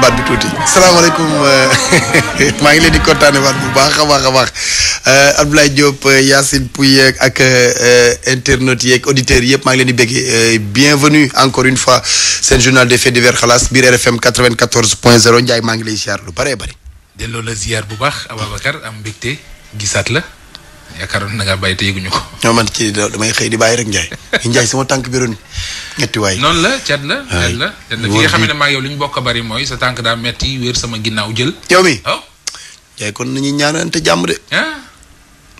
baal baat bi tuuti. salaamaaleykum euh, maa ngi leen di kontaane waat bu baax a baax a baax euh, Abdoulaye Diop euh, Yacine Pouy ak internautes yeeg auditeurs yëpp maa ngi leen di béggee bienvenue encore une fois seen journal des faits divers xalaas biir RFM 94.0 Ndiaye maa ngi lay ziar lu bëree bëri. delloo la ziar bu baax Ababacar am mbégte gisaat la. yaakaaroon na ngaa bàyyi te yëguñu ko. non man ci damay xëy di bàyyi rek Ndiaye. Ndiaye sama tànk bi ron ñetti waay. noonu la cat la. waay la cat la fi nga xam ne maa yow li ñu bokk a bari mooy sa tànk daa metti wéer sama ginnaaw jël. yow mi waaw. Oh. Ndiaye kon nañu ñaanante jàmm de. Ah.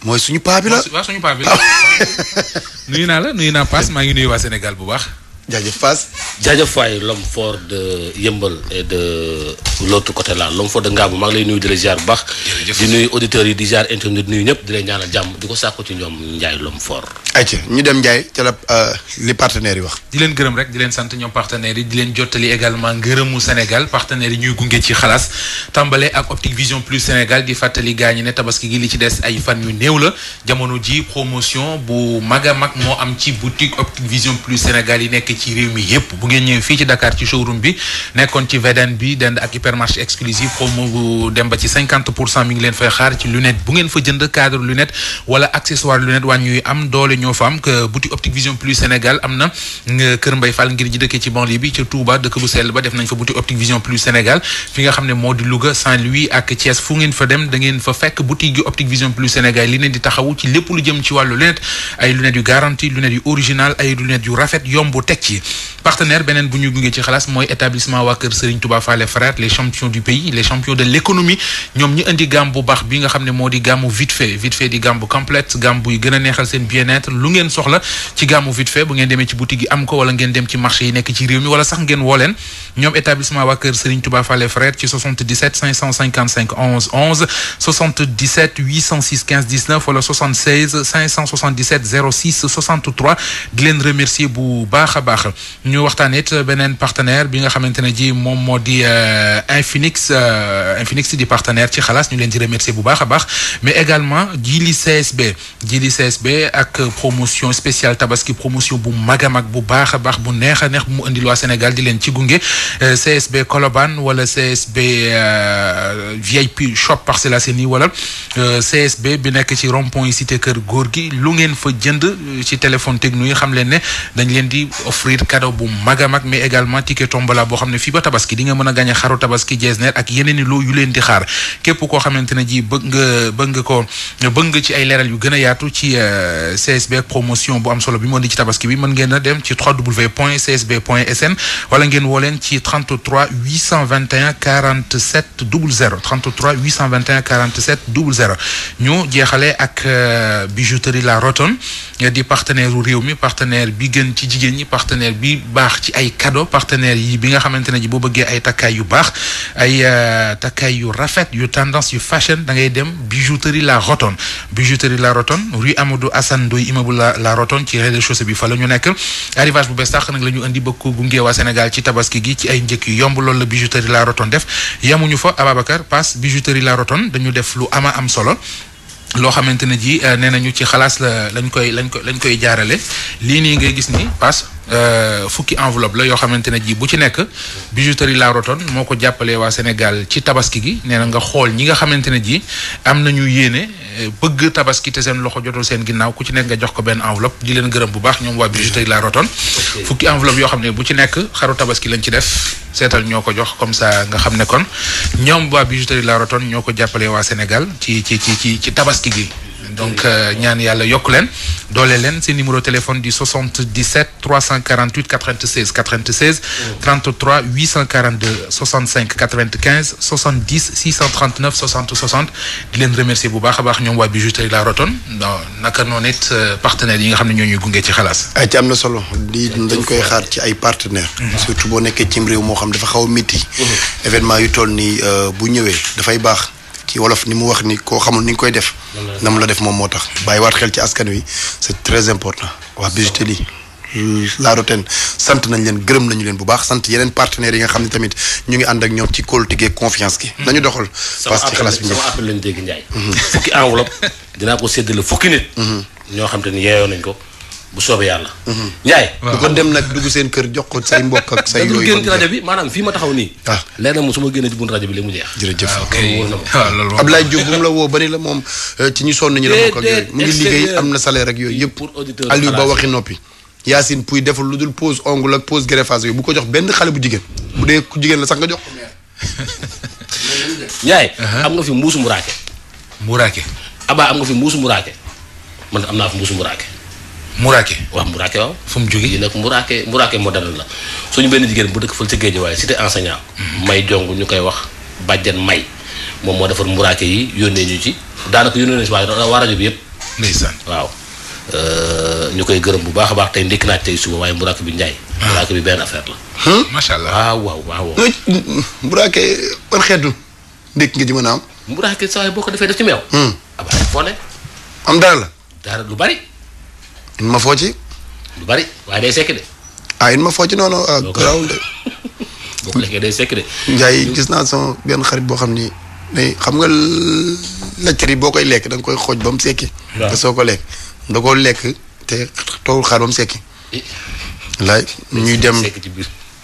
mooy suñu paa bi la waaw suñu paa bi la. nuyu naa la nuyu naa Paas maa ngi nuyu waa Sénégal bu baax. jaajëf Fass. jaajëf Faye l'homme fort de Yëmbal et de l'autre côté là l'homme fort de Ngaabu mag lay nuyu di la bu baax. di nuyu auditeurs yi di ziar internet di nuyu ñëpp di leen ñaanal jàmm di ko sàkku ci ñoom Ndiaye l'homme fort. ayca ñu dem Ndiaye ca la euh, li partenaires yi wax. di leen gërëm rek di leen sant ñoom partenaires yi di leen jottali également ngërëmu Sénégal partenaires yi ñuy gunge ci xalaas tàmbale ak Optique Vision Plus Sénégal di fàttali gaañi ne tabaski gi li ci des ay fan yu néew la jamono ji promotion bu mag a mag moo ci boutique Optique Vision ci réew mi yëpp bu ngeen ñëwee fii ci Dakar ci showroom bi nekkoon ci VDN bi dend ak hypermarché exclusive promo bu euh, dem ba ci cinquante pour cent mi ngi leen fay xaar ci lunette bu ngeen fa jënd cadre lunette wala accessoire lunette wàññuy am doole ñoo fa am que boutique optique vision plus am na Kër Mbay Fall ngir ji dëkkee ci banlieue bi ca Touba dëkk bu sell ba def nañ fa boutique optique vision plus Sénégal fi nga xam ne moo di Louga Saint-Louis ak Thiès fu ngeen fa dem da ngeen fa fekk boutique gi optique vision plus Sénégal li leen di taxawu ci lépp lu jëm ci wàllu lunette ay lunettes yu garantie lunettes yu original ay lunettes yu rafet yomb teg métier partenaire beneen bu ñu gunge ci xalaas mooy établissement waa kër Serigne Touba Frère les champions du pays les champions de l'économie ñoom ñi indi gàmm bu baax bi nga xam ne moo di gàmmu vite fait vite fait di gàmmu complète gàmm buy neexal seen bien-être lu ngeen soxla ci gàmmu vite fait bu ngeen demee ci boutique yi am ko wala ngeen dem ci marché yi nekk ci réew mi wala sax ngeen woo ñoom établissement waa kër Serigne Touba Frère ci wala baax ñu waxtaan it euh, beneen partenaire bi nga xamante ne ji moom moo di euh, Infinix euh, Infinix di partenaire ci xalaas ñu leen di remercier bu baax a baax mais également Jili CSB Jili CSB ak promotion spéciale tabaski promotion bu mag a mag bu baax a baax bu neex a neex bu mu indi waa Sénégal di leen ci gunge CSB Colobane wala CSB VIP shop Parcelles Assainies wala CSB bi nekk ci rond-point kër góor gi lu ngeen fa jënd ci téléphone techno yi xam leen dañ leen di offre offrir cadeau bu mag mag mais également ticket tombola boo xam ne fii ba tabaski di mën a gañ xaru tabaski jeesneer ak yeneen i loo yu leen di xaar képp koo xamante ne ji bëgg nga ko bëgg ci ay leeral yu gën a yaatu ci euh, CSB promotion bu am solo bi moo di ci tabaski bi mën ngeen a dem ci www.csb.sn wala ngeen woo leen ci 33 jeexale ak euh, bijouterie La Rotonde di partenaire u réew mi partenaire bi gën ci jigéen ñi partenaire bi baax ci ay cadeau partenaire yi bi nga xamante ne ji boo bëggee ay takkaay yu baax ay euh, takkaay yu rafet yu tendance yu fashion da ngay dem bijouterie La Rotonde bijouterie La Rotonde rue Amadou Assane Ndoye immeuble La La Rotonde ci rez de bi fa la ñu nekk arrivage bu bees tax nag la ñu indi bëgg ko gunge waa Sénégal ci tabaski gi ci ay njëkk yu yomb loolu la bijouterie La Rotonde def yamuñu fa Ababacar pass bijouterie La roton dañu def lu ama am solo loo xamante ne ji euh, nee nañu ci xalaas la lañ koy lañ koy lañ koy jaarale lii ngay gis ni Euh, fukki enveloppe la yoo xamante ne ji bu ci nekk bijouterie La Rotonde moo ko jàppalee waa Sénégal ci tabaski gi nee na nga xool ñi nga xamante ne ji am na nañu yéene euh, bëgg tabaski te seen loxo jotul seen ginnaaw ku ci nekk nga jox ko benn enveloppe di leen gërëm bu baax ñoom waa bijouterie La Rotonde fukki enveloppe yoo xam ne bu ci nekk xaru tabaski lañ ci def seetal ñoo ko jox comme ça nga xam ne kon ñoom waa bijouterie La Rotonde ñoo ko jàppalee waa Sénégal ci ci ci ci ci tabaski gi donc euh, ñaan yàlla yokk leen doole leen seen numéro téléphone di 77 348 96 96 33 842 65 95 70 639 60 60 di leen remercier bu baax a baax ñoom waa bijouterie La Rotonde naka noonu it euh, yi nga xam ne ñoo ñuy gunge ci xalaas. ci am na solo di dañ koy xaar ci ay partenaires. Mhm. surtout boo nekkee cim réew moo xam dafa xaw a métti. Mhm. événement yi toll nii euh, bu ñëwee dafay baax. ci wolof ni mu wax ni koo xamul ni nga koy def. nam la def moom moo tax baay bàyyiwaat xel ci askan wi c'est très important. waa bijouterie euh, La Roten sant nañ leen gërëm nañu leen bu baax sant yeneen partenaires yi nga xam ne tamit ñu ngi ànd ak ñoom ci kóolute gi confiance gi. Hmm. nañu doxal parce que xalaas bi sama appel lañ dégg Ndiaye. Hmm. fukki enveloppe dinaa ko séddale fukki nit. Hmm. ñoo xam te ni yeeyoo nañ ko. bu soobee yàlla. Mhm. Ndiaye. du ko dem nag dugg seen kër jox ko say mbokk ak say. yooyu rajo bi maanaam fii ma taxaw nii. ah leer na moom su ma génnee ci rajo bi léegi mu jeex. jërëjëf waaw ah, kay waaw loolu moom ah, Abdoulaye la woo bari la moom euh, ci ñi sonn ñu la bokk ak yooyu mu ngi liggéey am na salaire ak yooyu yëpp. pour auditeur Aliou Ba waxi noppi. Yacine Pouy deful lu dul pose ongle ak pose greffage yooyu bu ko jox benn xale bu jigéen. bu dee ku jigéen la sax nga jox ko. Ndiaye. Uh-huh. am nga fi mbuusu mburaake. mburaake. Abba am nga fi mbuusu mburaake man am naa fi mbuusu mburaake Muraake waaw Muraake waaw fu mu jógee nag Muraake Muraake la suñu benn jigéen bu dëkk fël ci géej mhm. may jong ñu koy wax bàjjan may moom moo defar Muraake yi yónnee ñu ci daanaka yónnee nañu si waaye bi yëpp ndeysaan waaw euh, ñu koy gërëm bu baax a baax tey ndékk naa tey suba waaye Muraake bi Njaay ah. Muraake benn affaire la macha allah ah, waaw waaw waaw Muraake ban xeetu ndékk nga ji mën a am Muraake saa boo ko defee def ci meew hmm. abaay foo ne am dara la dara lu bari in ma foo bari waaye day sekk de. ah in noonu. Ah, boo ko de. boo ko day sekk de. gis naa sama benn xarit boo xam ni day xam nga laajte yi boo koy lekk da koy xooj ba mu sekki. te soo ko lekk da lekk te toogul xaar ba mu sekki. Eh. laay ñuy dem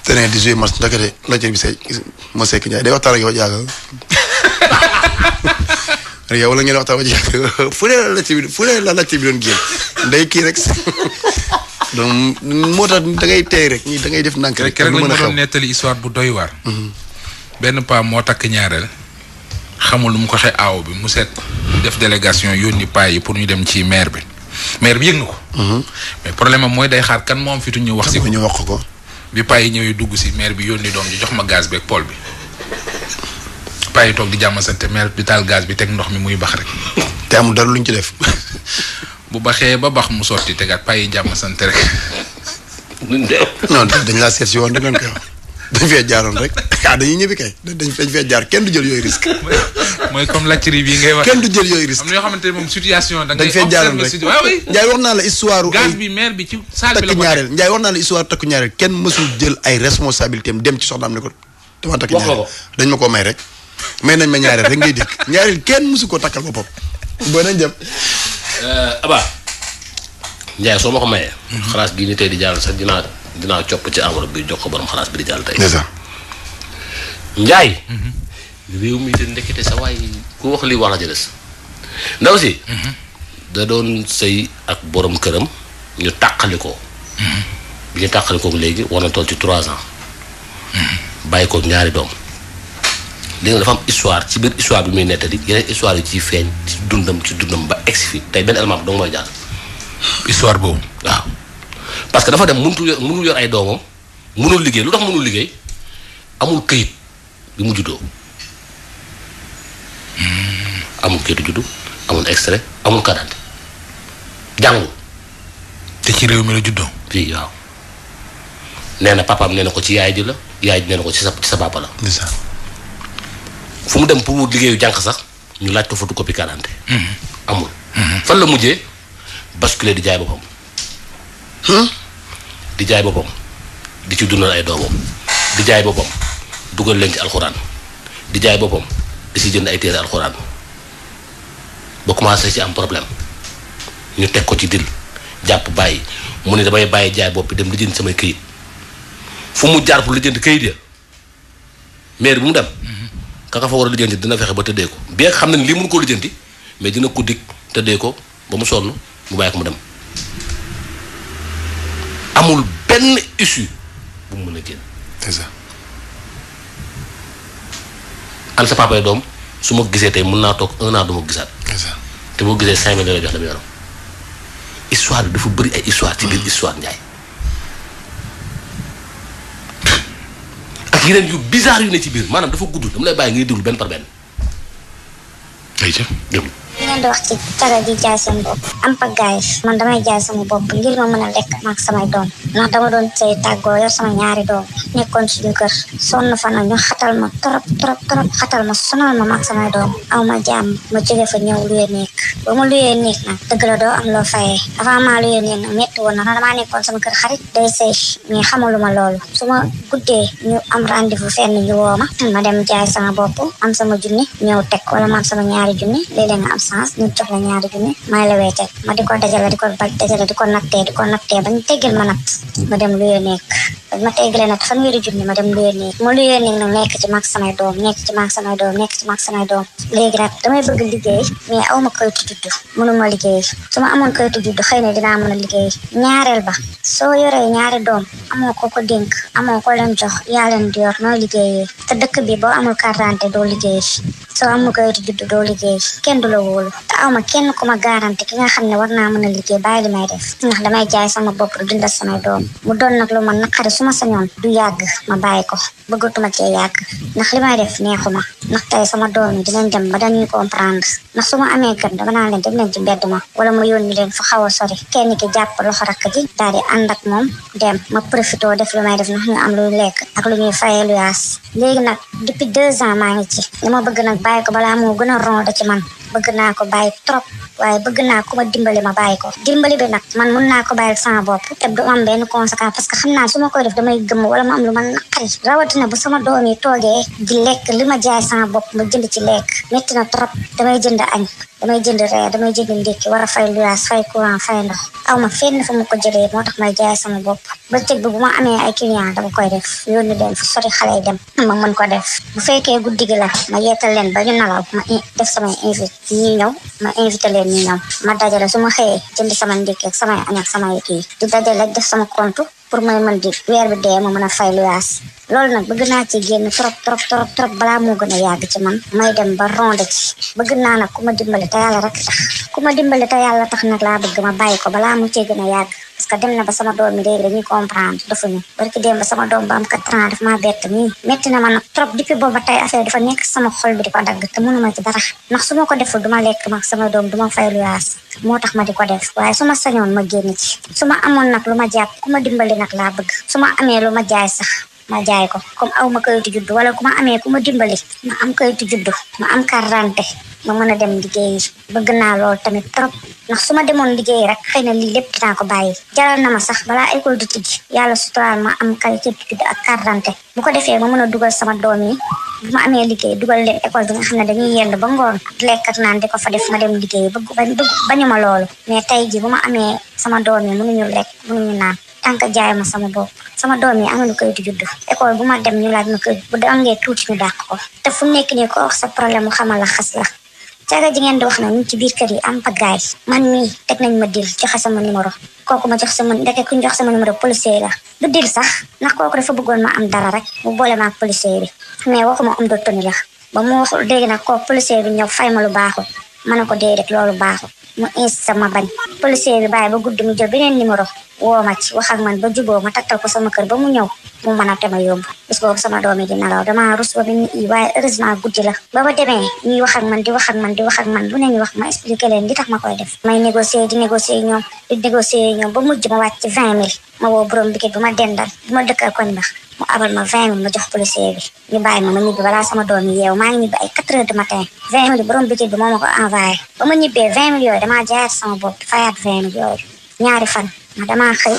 terrain di jouer match ndakate laajte bi say ma sekki Ndiaye day waxtaan ak a jaaga. man yow la ngeen waxtaan ba ci fu ne la laajte bi fu ne la laajte bi doon génn day kii rek. donc moo tax da ngay tey rek ñii da ngay def ndànk rek. lu mën a xew rek rek lañ ma doon nettali histoire bu doy waar. Mhm. benn paa moo takk ñaareel. xamul lu mu ko xee aaw bi mu seet def délégation yónni paa yi pour ñu dem ci maire bi maire bi yëg na ko. Mhm. mais problème am mooy day xaar kan moom fi tu ñu wax si ko. ñu wax ko. bi paa yi ñëwee dugg si maire bi yónni doom ji jox ma gaz beeg pol bi. paa toog di jàmma sante mais bi taal gaz bi teg ndox mi muy bax rek. te amul dara luñ ci def. bu baxee ba bax mu sotti tegaat paa yi jàmm sante rek. non dañ laa seet si woon danañ koy wax dañ fee jaaroon rek ah dañuy ñibbi kay kenn du jël yooyu risque. mooy comme lacciri bii ngay wax. jël yooyu risque am na yoo ne moom situation. da ngay observé si waaw oui. Ndiaye naa la histoire. gaz bi maire bi ci salle bi la ko takku ñaareel Ndiaye wax naa la histoire takku ñaareel kenn mësul jël ay responsabilités dem ci soxnaam ne ko. dama takku ñaareel dañ ma ko may rek. may nañ ma ñaareel rek ngay dégg ñaareel kenn mësu ko takkal boppam boo nañ jëm. Euh, Aba. Ndiaye soo ma ko mayee. xalaas gii ni tey di jàll sax dinaa dinaa copp ci enveloppe bi jox ko borom xalaas bi di jàll tey. ndeysaan. Ndiaye. Mhm. réew mi de ndekete sa waay ku wax lii wax la ci ndaw si. Mhm. da doon sëy ak borom këram ñu tàqali ko. bi mhm. ñu tàqali léegi war na toll ci trois ans. bàyyi ko ñaari doom. léegi dafa am histoire ci biir histoire bi muy nettali yeneen histoire yu ciy feeñ ci dundam ci dundam ba egsi fi tey benn élément bi danga mooy jaar. histoire boobu. waaw parce que dafa dem mënutu yor mënul yor ay doomam mënul liggéey lu tax mënul liggéey amul këyit bi mu juddoo. Hmm. amul amul extrait amul carte jàngul. te ci réew mi la juddoo. fii waaw nee na papaam ko ci yaay ji la yaay ji nee ko ci sa ci la. fu mu dem pour wut liggéeyu jànq sax ñu laaj ko photocopie quarante. amul. fan la mujjee basculé di jaay boppam. Hmm? di jaay boppam jaay boppam dugal leen ci alxuraan di jaay boppam di si jënd ay téere alxuraan ba commencé ci am problème ñu teg ko ci dil jàpp bàyyi mu ne damay bàyyi jaay bopp dem lijjanti samay këyit fu mu jaar pour lijjanti këyit ya maire bi mu dem. Hmm. kaka fa war a lijjanti dina fexe ba tëddee ko bien xam ne lii mun koo lijjanti mais dina ko dig tëddee ko ba mu sonn mu bàyyi ko mu dem amul benn issue bu mu mën a génn. c'est sa papa doom su ma gisee tey mun naa toog un an du ma gisaat. te moo gisee cinq mille lay jox la mu yaram histoire bi dafa bëri ay histoire ci biir mm. histoire Ndiaye. ak yeneen yu bizarre yu ne ci biir maanaam dafa gudd dama lay bàyyi ngay déglu benn par benn. ay ca déglu. li ngeen di wax ci caga ji jaay seen bopp am pagaay man damay jaay sama bopp ngir ma mën a lekk maak samay doom ndax dama doon sëy tàggoo yor sama ñaari doom nekkoon suñu kër sonn fa nag ñu xatal ma trop trop trop xatal ma sonal ma maak samay doom aw ma ñëw luyee nekk ba ma luyee nekk nag am na damaa nekkoon sama kër xarit day sëy mais xamaluma loolu su ma guddee ñu am ma ma sama bopp am sama junni ñëw teg wala ma am sama ñaari junni léeg-léeg nga nu ñu jox la ñaari junni may la weeteel ma di ko dajale di ko ba dajale di ko nattee di ko nattee bañ tegal ma natt ma dem luyee nekk ma teggale nag fanweeri junni ma dem luyee néeg ma luyee néeg nag nekk ci doom nekk ci maag samay doom nekk ci maag samay doom léegi nag damay bëgg liggéey ma kayitu juddu mënuma liggéey su ma amoon kayitu a liggéey soo yoree ñaari doom amoo ko ko dénk amoo ko leen jox yaa leen di yor nooy liggéeyee te dëkk bi boo amul carte d'identité doo liggéey soo amul kayitu juddu doo liggéey kenn du la wóolu te aw ma kenn ku ma garanti ki nga xam ne war naa mën a liggéey bàyyi li may def ndax damay jaay sama bopp du dundal samay doom mu doon nag lu ma naqari su ma sañoon du yàgg ma bàyyi ko bëggatuma cee yàgg ndax li may def neexuma ndax tey sama doom yi dinañ dem ba dañuy comprendre ndax su ma amee kër dama naa leen dem leen ci mbedd ma wala ma yónni leen fu xaw a sori kenn ki jàpp loxo rakk ji daal di ànd ak moom dem ma profitoo def lu may def ndax ñu am lu lekk ak lu fayee lu yaas léegi nag depuis deux ans maa ngi ci li ma bëgg nag bàyyi ko balaa moo gën a ronde ci man bëgg naa ko bàyyi trop waaye bëgg naa ku ma dimbali ma bàyyi ko dimbali bi nag man mun naa ko bàyyi sama bopp te du am benn conséquence parce que xam naa su ma koy def damay gëmm wala ma am lu ma naqari rawatina bu sama na trop damay jënd añ damay jënd reer damay a fay luyaas fay ma bi bu ma amee ay client dama koy def yónni leen fu sori xale yi dem ma ko def bu fekkee guddi gi la ma yeetal leen ba ñu nalaw ma def samay invite ñi ñëw ma invité leen ñi ma dajale su xëyee jënd sama ndékki ak samay añ ak samay kii di dajale def sama compte pour may mën di weer bi dee ma mën a fay luyaas loolu nag bëgg naa ci génn trop trop trop trop balaa moo gën a yàgg ci man may dem ba ronde ci bëgg naa nag ku ma dimbale te yàlla rek tax ku ma dimbale te yàlla tax laa bëgg ma bàyyi ko balaa mu cee gën a yàgg parce que dem na ba sama doom yi léegi dañuy comprendre defuñu barki ma nag trop depuis mënuma ci dara ndax su ma ko deful du ma lekk mag sama doom du ma fay lu yaas moo tax ma di ko def waaye su ma sañoon ma génn ci su ma amoon nag lu ma jàpp ku ma dimbali nag laa bëgg su ma amee lu ma jaay sax ma jaay ko comme aw ma kayitu juddu wala ku ma amee ku ma dimbali ma am kayitu juddu ma am karante ma mën a dem liggéeyi bëgg naa lool tamit trop ndax su ma demoon liggéeyi rek xëy na lépp dinaa ko bàyyi na sax balaa école di tijji yàlla suturaal ma am kayitu juddu ak karante ko defee ma mën a dugal sama doom yi bu ma amee liggéey dugal leen école ba ngoon lekk ak naan di ko fa def ma dem liggéeyi bëgg bañu ma loolu mais tey ji bu ma amee sama doom yi mënuñu lekk mënuñu naan tant que jaayuma sama bopp sama doom bu ma dem ñu laaj ma kayit bu am ngee tuuti ñu dàq ko te ko wax sa problème mu xamal la xas la caaga ji ngeen di wax na ci biir kër yi am pagaay man mii teg nañ ma dil joxe sama numéro kooku ma jox sama ndeke ku ñu jox sama numéro policier la du dil sax na kooku dafa bëggoon ma am dara rek mu boole ma ak bi mais waxuma am dootoni la ba mu wax dégg nag kooku policier bi ñëw fay ma lu baaxul ma ne ko déedéet loolu baaxul mu insiste ma bañ policier bi bàyyi ba gudd mu jël beneen numéro woo ma ci wax ak man ba juboo ma takkal ko sama kër ba mu ñëw mu mën a tema yóbbu bis boobu sama doom yi di nelaw dama rus ba ma demee ñuy wax ak wax ma expliqué leen li ma koy def may négocier di négocier ñoom di négocier ñoom ba ma wàcc ci ma woo borom bi bu ma dendal bu ma dëkkal koñ bax mu abal ma vingt mille ma jox ma ma sama doom yi yeew maa ngi ñibbi ay ko envoyé ba ma ñibbee vingt mille yooyu damaa jaayaat sama bopp fayaat vingt mille yooyu ñaari fan ndax damaa xëy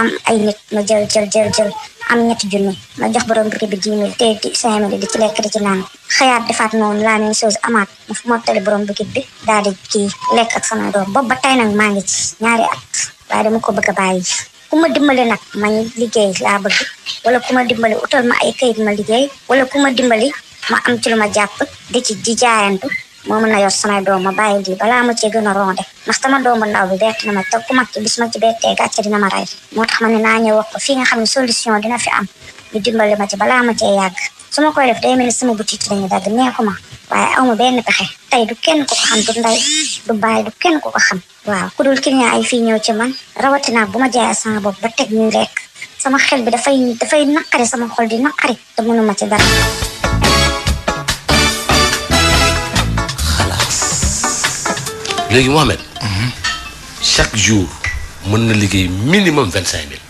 am ay nit ma jël jël jël jël am ñetti junni ma jox borom bitik bi dix mille te cinq mille di ci lekk di ci naan xëyaat defaat noonu la même chose amaat ma fu mottali borom bitik bi daal di kii lekk ak sama doom boobu ba tey nag maa ngi ci ñaari at waaye dama ko bëgg a bàyyi. ku ma dimbali nag man liggéey laa bëgg wala ku ma dimbali utal ma ay kayit ma liggéey wala ku ma dimbali ma am ci lu ma jàpp di ci di jaayantu. moo mën a yor samay doom ma bàyyi di balaa ma cee gën a rondé ndax sama doomu ndaw bi bett na ma te ku mag ki bis ma ci bettee gàcce dina ma rey moo tax ma ne naa ñëw wax ko fii nga xam ne solution dina fi am ñu dimbali ma ci balaa ma cee yàgg su ma koy def day mel ni sama boutique lañu dagg neexuma ma benn pexe tey du kenn ku xam du ndey du bàyyi du kenn ko xam waaw ku dul client ay fii ñëw ci man rawatina bu ma jaayee a bopp ba teg ñuy lekk sama xel dafay dafay naqari sama xol di naqari nu ma ci dara léegi Mohamed. Mhm. chaque jour mën na liggéey minimum vingt cinq mille.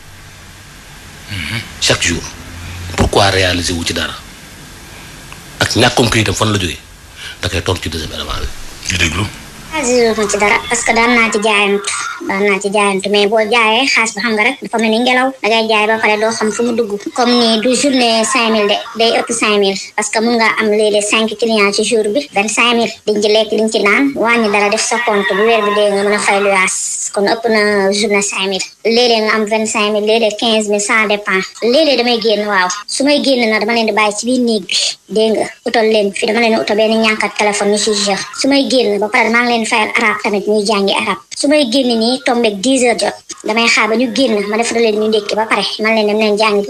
Mhm. chaque jour. pourquoi réaliser wu ci dara ak ñàkkum këyitam fan la jógee da koy tontu ci deuxième élément bi. ñu déglu. assuré ma ci dara parce que daan naa ci jaayantu daan naa ci jaayantu mais boo jaayee xaas ba xam nga rek dafa mu du journée cinq mille de day ëpp cinq mille parce que nga am léeg cinq clients ci jour bi vingt cinq mille liñ ci lekk liñ ci dara def sa compte bu weer bi dee nga mën a fay luwaas kon ëpp na journée cinq mille léeg-léeg nga am vingt cinq mille léeg damay génn waaw su may génn na dama leen di ci biir néeg bi dégg nga utal leen fii dama leen utal benn ñànkat téléphone ñu si jeex su may génn ba pare maa leen fayal arab tamit ñuy jàngi arab su may génn nii tombeeg dix heures jot damay xaar ba ñu génn ma defal leen ñu ndékki ba pare man leen dem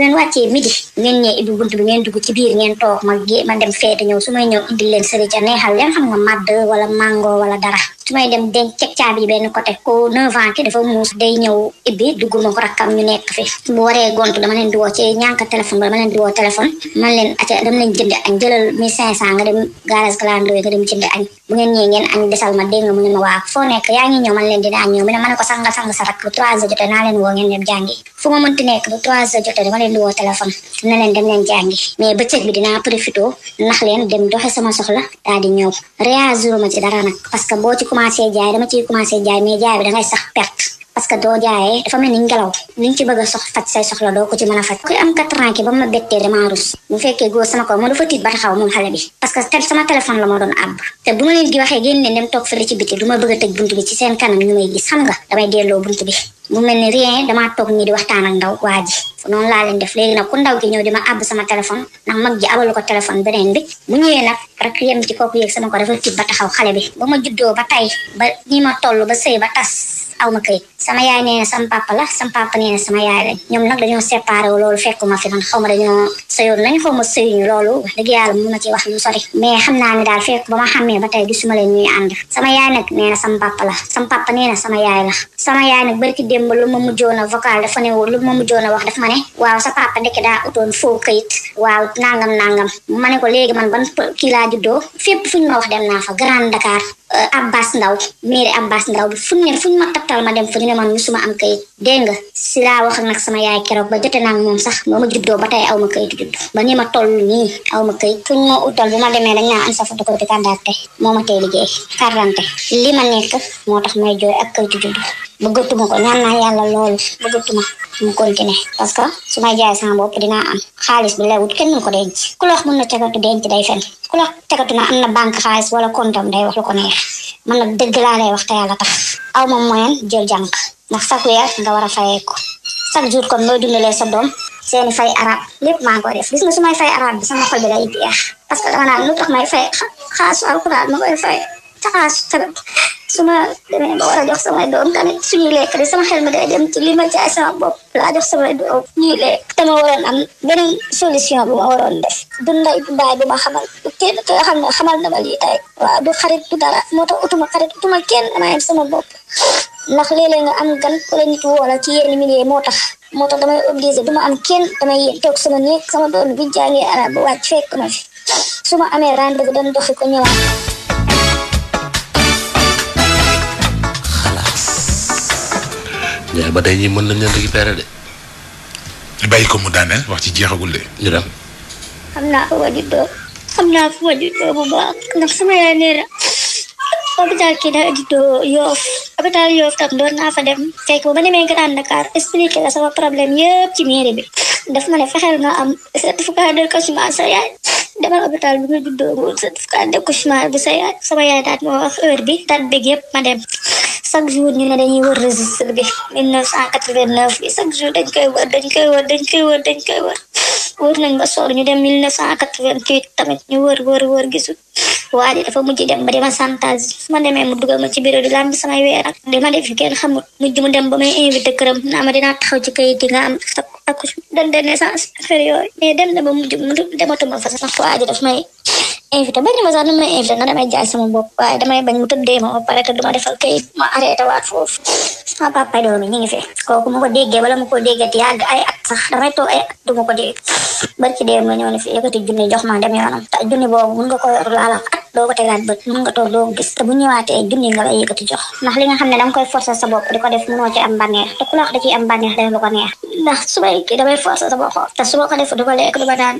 biir ngeen toog ma ma dem feete ñëw su may ñëw indil leen wala mango wala dara su may dem denc ceg ma ko nekk fi bu waree gontu dama di woo ci ñànk téléphone ba dama leen di woo téléphone man leen acca dama leen jënd añ jëlal mille cinq nga dem garage clando nga dem jënd añ bu ngeen ñëwee ngeen añ desal ma dégg nga mu ne foo nekk yaa ngi ñëw man leen leen dinaa ñëw mu ko sangal sangal sa rakk bu trois naa leen woo ngeen dem jàngi fu ma mënti nekk bu trois heures jotee dama leen di woo téléphone na leen dem leen jàngi mais bëccëg bi dinaa profité nax leen dem doxe sama soxla daal di ñëw réagir ma ci dara nag parce que boo ci commencé jaay dama ciy commencé jaay mais jaay dangay sax perte parce que doo jaayee dafa mel ni ngelaw li nga ci bëgg a sox faj say soxla doo ko ci mën a faj ba ma bettee damaa rus fekkee góor sama kaw ma dafa tiit ba taxaw moom xale bi parce sama téléphone la ma doon àbb te bu ma leen waxee génn leen dem toog fële ci biti du bëgg a tëj bunt bi ci seen kanam ñu may gis xam nga damay delloo bunt bi mu mel ni rien damaa toog nii di waxtaan ak ndaw waa ji laa leen def léegi nag ku ndaw ki ñëw di ma àbb sama téléphone ndax mag ji abalu ko téléphone beneen bi mu ñëwee ba taxaw xale bi ba ma juddoo ba tey ba ñi ma toll ba sëy ba tas ma këyit sama yaay nee na la sama na sama yaay lañ ñoom nag dañoo séparé wu loolu fekkuma fi man xaw ma dañoo ma na ci wax lu sori mais xam naa ne daal fekk ba ma xàmmee ba tey gisuma leen ñuy ànd sama yaay la sama papa nee sama yaay la sama yaay nag barki démb lu ma mujjoon a vocal dafa ne lu ma mujjoon a wax dafa ma ne waaw sa papa ndeke daa utoon foo këyit waaw nangam nangam ma ko léegi man ba kii laa juddoo fépp fu ñu ma wax dem naa fa Grand Dakar Euh, Abbas Ndao mairie Abbas Ndao fu ne fu ñu ma takkal ma dem fu ñu ne musuma am kayit dégg si laa wax nag sama yaay keroog ba jote naa ak moom sax moo ma juddoo ba tey aw ma kayit judd ba ni ma toll nii aw ma kayit fu bu ma demee dañ naa sa photocopie candidat liggéey quarante li ma nekk moo tax may jooy ak kayitu judd bëggatuma ko ñaan naa yàlla loolu bëggatuma mu continuer parce que su may jaay sama bopp dinaa am xaalis bi kenn mën ko denc ku la wax na cagatu denc day fen ku la cagatu na am na banque xaalis wala compte day wax lu neex man nag dëgg laa lay wax te tax aw ma moyen jël jàng ndax chaque weer nga war a fayeeku chaque jour comme nooy dundalee sa doom seeni fay arab lépp maa ngi koy nga su may fay arab bi sama xol bi day jeex parce que dama naan lu tax may fay xaasu alxuraan ma fay ca xaasu su ma demee ba war a jox samay doom tamit suñuy lekk li ma jaay sama bopp laa jox samay doom ñuy lekk dama waroon solution bu ma waroon def du ndey ma xamal du kenn xam ne xamal na ma lii tey waaw du xarit du dara moo tax utuma xarit utuma kenn damaa sama bopp ndax léeg-léeg nga am gan wala nit woo la ci yenn milieu moo tax moo tax damay obligé du ma am kenn damay yéen toog sama néeg sama doom bi jàngee arab wàcc fekk ma fi su ma amee rendez-vous dem doxi ko ñëwaat Ndiaye ba tey ñi mën nañ leen de. bàyyi ko mu daaneel wax ci jeexagul de. ñu xam naa fu ma juddoo xam naa fu ma juddoo bu baax ndax sama yaay nee na hôpital kii dafa juddoo Yoff hôpital Yoff tam doon fa dem fekk ba ma demee Grand Dakar expliqué la sama problème yëpp ci mairie bi daf ma ne fexeel nga am certificat de caution sa yaay. demal hôpital bi nga juddoo mu def couchement bi sa yaay yaay daat ma wax heure bi date beeg yëpp ma dem chaque jour ñu ne dañuy wër registre bi 1989 bi chaque jour dañ koy dañ koy wër dañ koy ñu dem 1988 tamit ñu wër wër wër gisul waa ji dafa mujj dem ba dema santage su ma demee mu dugal ma ci bureau di lam bi samay weer ak dama def kenn xamut mujj mu dem ba may invité këram naa ma dinaa taxaw ci kayit yi am accouchement donne de naissance affaire yooyu mais dem na ba mujj mu dematuma fa sax waa ji daf may invité benn ma sax nu e may invité e na damay jaay sama bopp waaye damay bañ mu tëddee ma ba pare te duma defal këyit ma arrêté waat foofu sama papa doomi ñu ngi fi kooku mu ko déggee wala mu ko déggee te yàgg ay at sax damay toog ay at du ma ko dégg barki dee ma ñëw yëkkati jox ma li nga xam ne danga koy forcer sa bopp di ko da ciy am bànneex def lu ko neex ndax su may kii damay forcer sama xol def du ma lekk du ma naan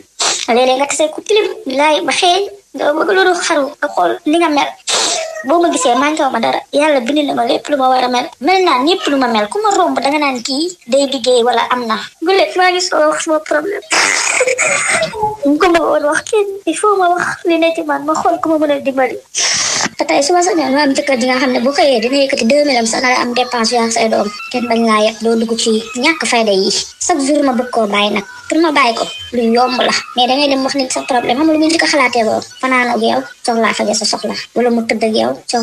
léeg-léeg nga tase ku tilim laay ba xeeñ nga bëgg loolu xaru nga nga mel boo ma gisee manqué wu ma dara yàlla bind na ma ma war a mel mel naa ñëpp lu ma mel ku ma romb danga naan kii day liggéey wala am na gule maa ngi soo wax sama problème ko ma woon wax kenn il faut ma wax li nekk man ma xool ku ma a dimbali te tey su ma sañoon ma am jëkkër ji nga xam ne bu xëyee dina yëkkati deux mille am sax kenn bañ laa doo dugg ci ñàkk fayda yi chaque jour ma bëgg koo bàyyi ko lu yomb la mais da ngay dem wax nit sa problème xam lu ngeen di ko xalaatee boobu fanaan ak yow soxla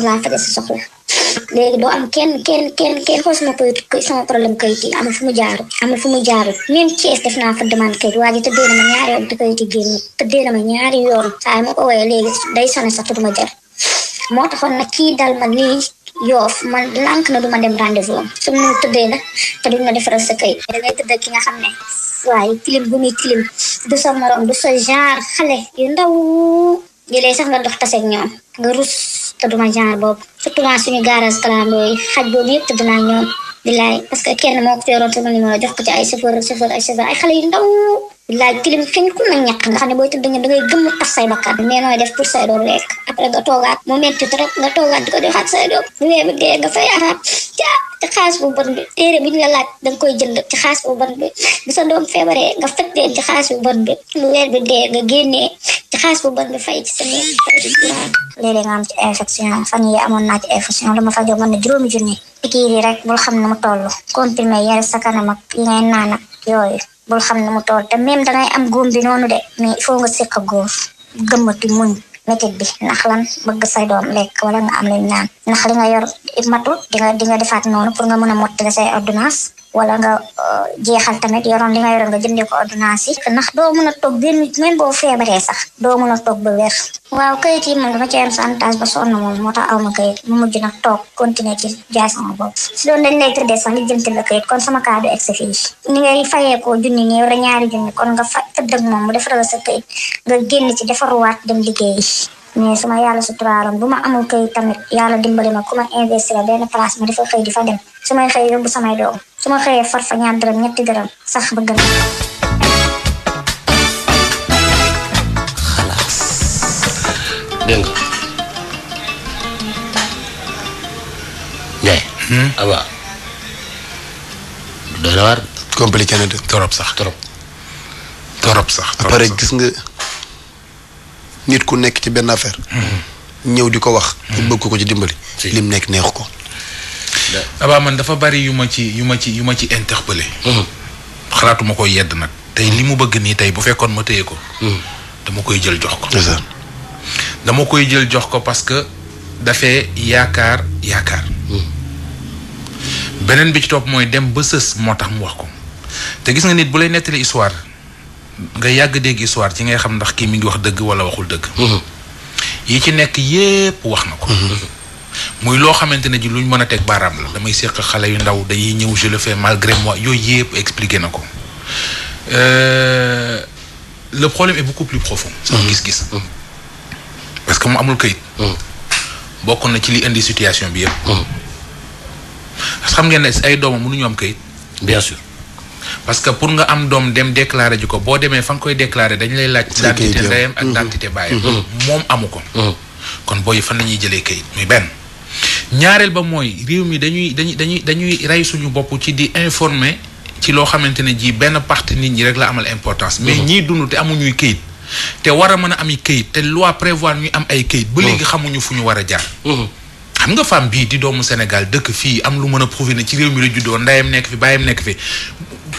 laa faje doo am kenn kenn kenn kenn xool sama kayit sama problème kayit fu mu jaaru amul fu mu jaaru même Thiès def naa fa demande kayit waa ñaari yoon te kayit yi génn tëddee na ñaari yoon saa yi ma ko wooyee léegi day sonné sax tuduma jar moo taxoon na kii daal man lii yoof man lànk na du ma dem rendez-vous am su ma tëddee nag te duñ ma defaral sa këy da ngay tëdd ki nga xam ne waaye tilim bu muy tilim du sa morom du sa genre xale yu ndaw jëlee sax nga dox taseeg ñoom nga rus te duma genre boobu surtout maa suñu garage kalandoo yi xaj boobu yëpp te dunaa ñoom bilaay parce que kenn moo ko yoroon sama numéro jox ko ci ay chauffeur chauffeur ay xale yu ndaw billaay kilim xëñ ku ma ñàkk nga xam ne booy tëdd nga dangay gëmm tas say bakkan mais nooy def pour say doom lekk après nga toogaat mu metti trop nga toogaat di ko defaat say doom bu wee ba dee nga fay araab bu bon bi téere koy jënd ci xaalis bu bon bi bu sa doom feebaree nga faj leen ci xaalis bu bon bi bu weer bi dee nga génnee ci xaalis bu bon bi fay ci sa néeg léeg-léeg nga am ci infection fan amoon naa ci infection la ma fajoo mën na juróomi junni pikiir yi rek bul xam ne mu toll comprimé yare sa kanam ak yi ngay naan yooyu bul xam ne mu toll tam même dangay am góom bi noonu de mais il nga séq góor gëmmati muñ métit bi ndax lan bëgg say doom lekk wala nga am luñ naan ndax li nga yor matul di di nga defaat noonu pour nga mën a mottali say ordonnance wala nga euh, jeexal tamit yoroon li nga yoroon nga jëndee ko ordonnance yi ndax doo a toog benn même boo feebaree sax doo mën toog ba wér waaw kayit yi moom dama ci am santage ba sonn moom moo tax aw ma kayit mu mujj na toog continuer ci jaay sama bopp si doon dañ lay tëddee sax li jëntal kon sama kaa du egsi fii ni ngay fayee junni nii wala ñaari junni kon nga fa tëdd ak moom mu defaral sa kayit nga génn ci waat dem liggéeyi mais su ma yàlla suturaaloon bu ma amul kayit tamit yàlla dimbali ma ku ma investir benn place ma dafa xëy di fa dem su may xëy yóbbu samay doom su ma xëyee far fa ñaar dërëm ñetti dërëm sax bëgg na Hmm? ah waaw. doy na torop sax. torop torop sax. après gis nga nit ku nekk ci benn affaire. Hmm. ñëw di ko wax. Hmm. bëgg ko ci dimbali. lim nekk neexu ko. abaa man dafa bari yu ma ci yu ma ci yu ma ci interpellé. xalaatuma ko yedd nag. tey li mu bëgg nii tey bu fekkoon ma téye ko. dama koy jël jox ko. dama koy jël jox ko parce que dafee yaakaar yaakaar. beneen bi ci topp mooy dem ba sës moo tax mu wax ko te gis nga nit bu lay nettali histoire nga yàgg dégg histoire ci ngay xam ndax kii mi ngi wax dëgg wala waxul dëgg. Mhm. yi ci nekk yépp wax na ko. Mhm. muy loo xamante ne ji luñ mën a teg baaraam la. damay séq xale yu ndaw dañuy ñëw je le fais malgré moi yooyu yépp expliqué na ko euh, le problème est beaucoup plus profond. sama mhm. gis-gis. parce que mu amul kayit. bokk na ci li indi situation bi yépp. xam ngeen ne ay doomam mënuñu am kayit. bien sûr. que pour nga am doom dem déclarer ji ko boo demee fa nga koy déclarer dañu lay laaj. identité ndeyam ak mhm. identité baayam. Mhm. moom amu ko. Mhm. kon booy fan la ñuy jëlee kayit muy benn. ñaareel ba mooy réew mi dañuy dañuy dañuy dañuy rey suñu bopp ci di informer ci loo xamante ne ji benn partie nit ñi rek la amal importance. mais ñiy dund te amuñuy kayit. te war a mën a ami kayit te loi prévoir ñuy am ay kayit. ba léegi xamuñu fu ñu war a jaar. xam nga femme bii di doomu Sénégal dëkk fii am lu mën a prouver ci réew mi la juddoo ndayam nekk fi bàyyam nekk fi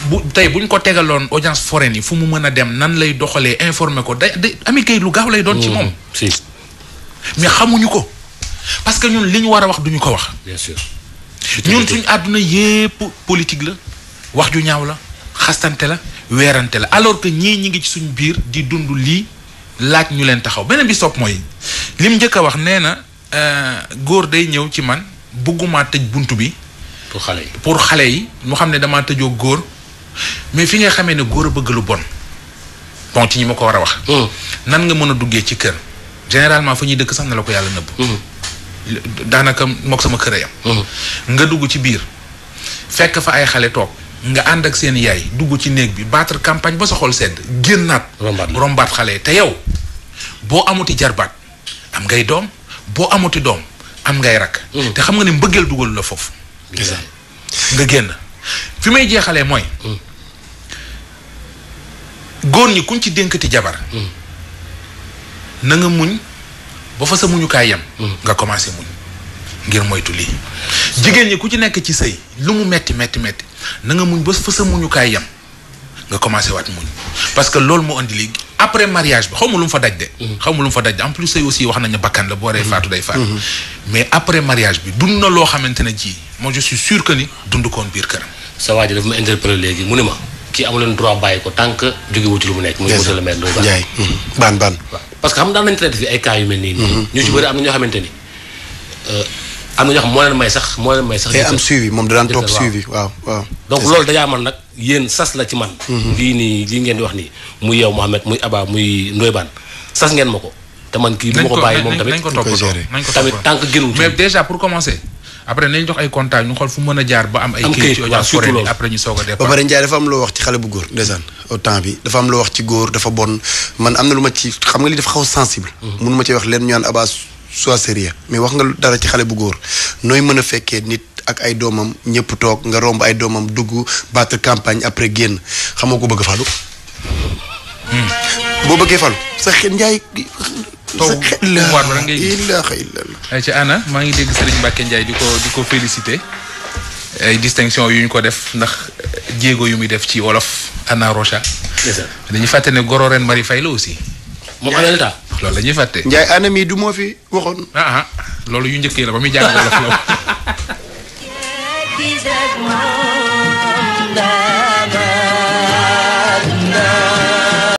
bu tey buñ ko tegaloon audience foraine yi fu mu mën a dem nan lay doxalee informer ko day day ami kay lu gaaw lay doon ci moom mm, si mais xamuñu ko parce que ñun li ñu war a wax duñu ko wax bien sûr ñun suñ àdduna yépp politique la wax ju ñaaw la xastante la weerante la alors que ñii ñi ngi ci suñ biir di dund lii laaj ñu leen taxaw beneen bi sopp mooy lim njëkk a wax nee na Euh, góor day ñëw ci man bëgguma tëj bunt bi. pour xale yi pour xale yi mu xam ne dama tëjoo góor mais fi nga xamee ne góor a bëgg lu bon bon ci ñi ma ko war a wax. Hmm. nan nga mën a duggee ci kër généralement fa ñuy dëkk sax na la ko yàlla nëbb. Hmm. daanaka mook sama kër a yam hmm. nga dugg ci biir fekk fa ay xale toog. nga ànd ak seen yaay dugg ci néeg bi battre campagne ba sa xol sedd génnaat. rombaat rombaat xale te yow boo amuti jarbaat am ngay doom. boo amati doom am ngay rakk. Mm. te xam nga ne mbëggeel dugal la foofu. nga génn fi may jeexalee mooy. Mm. góor ñi kuñ ci dénkati jabar. Mm. na nga muñ ba fa sa muñukaay yem. nga commencé muñ ngir moytu lii. jigéen ñi ku ci nekk ci sëy lu mu metti metti metti na nga muñ ba fa sa muñukaay yem nga commencé waat muñ parce que loolu moo andi lii après mariage bi xaw ma lu mu fa daj de. Mm-hmm. xaw ma lu mu fa daj de en plus say aussi wax nañu bakkan la boo waree mm-hmm. faatu day faatu. Mm-hmm. mais après mariage bi dund na loo xamante ne ji moi je suis sûr que ni dund koon biir këram. sa waa daf ma interpellé léegi mu ne ma. kii amu leen bàyyi ko tant que jóge wu ci lu mu nekk. muy monsieur le maire Ndoye Bane ban ban. parce que xam daan nañu traité fi ay cas yu mel nii. ñu ci bëri am na ñoo xamante ni. Euh, am na ñoo xam moo leen may sax moo leen may sax. am suivi moom la ci man. lii nii lii ngeen di wax nii muy yow Mouhamed muy Aba muy Ndoye Bane sas ngeen ma ko te man kii. bu ma ko tamit nañ ko tamit a jaar ba am. ay kayit waaw surtout loolu après ñu soog a pare Ndiaye dafa am loo wax ci xale bu góor ndeysaan au temps dafa am loo wax ci góor dafa bon man am na lu ma ci xam nga li dafa xaw sensible mm-hmm. mënu ma ci wax leen ñu naan Abbas soit sérieux mais wax nga dara ci xale bu góor nooy mën a fekkee nit ak ay doomam ñëpp toog nga romb ay doomam dugg battre campagne après génn xamoo ko bëgg falu hmm. boo bëggee falu sa xel njaay taw pouvoir ba ngay maa ngi dégg Serigne Mbacke Ndiaye di ko di ko félicité ay distinction yu ñu ko def ndax jéego yu muy def ci wolof Anna Rocha dañu fàtte ne goro ren Marie fay la aussi moom alal l'état loolu la ñuy fàtte. Ndiaye anam yi du moo fi waxoon. Ah, ah. loolu yu njëkkee la ba muy jàngal la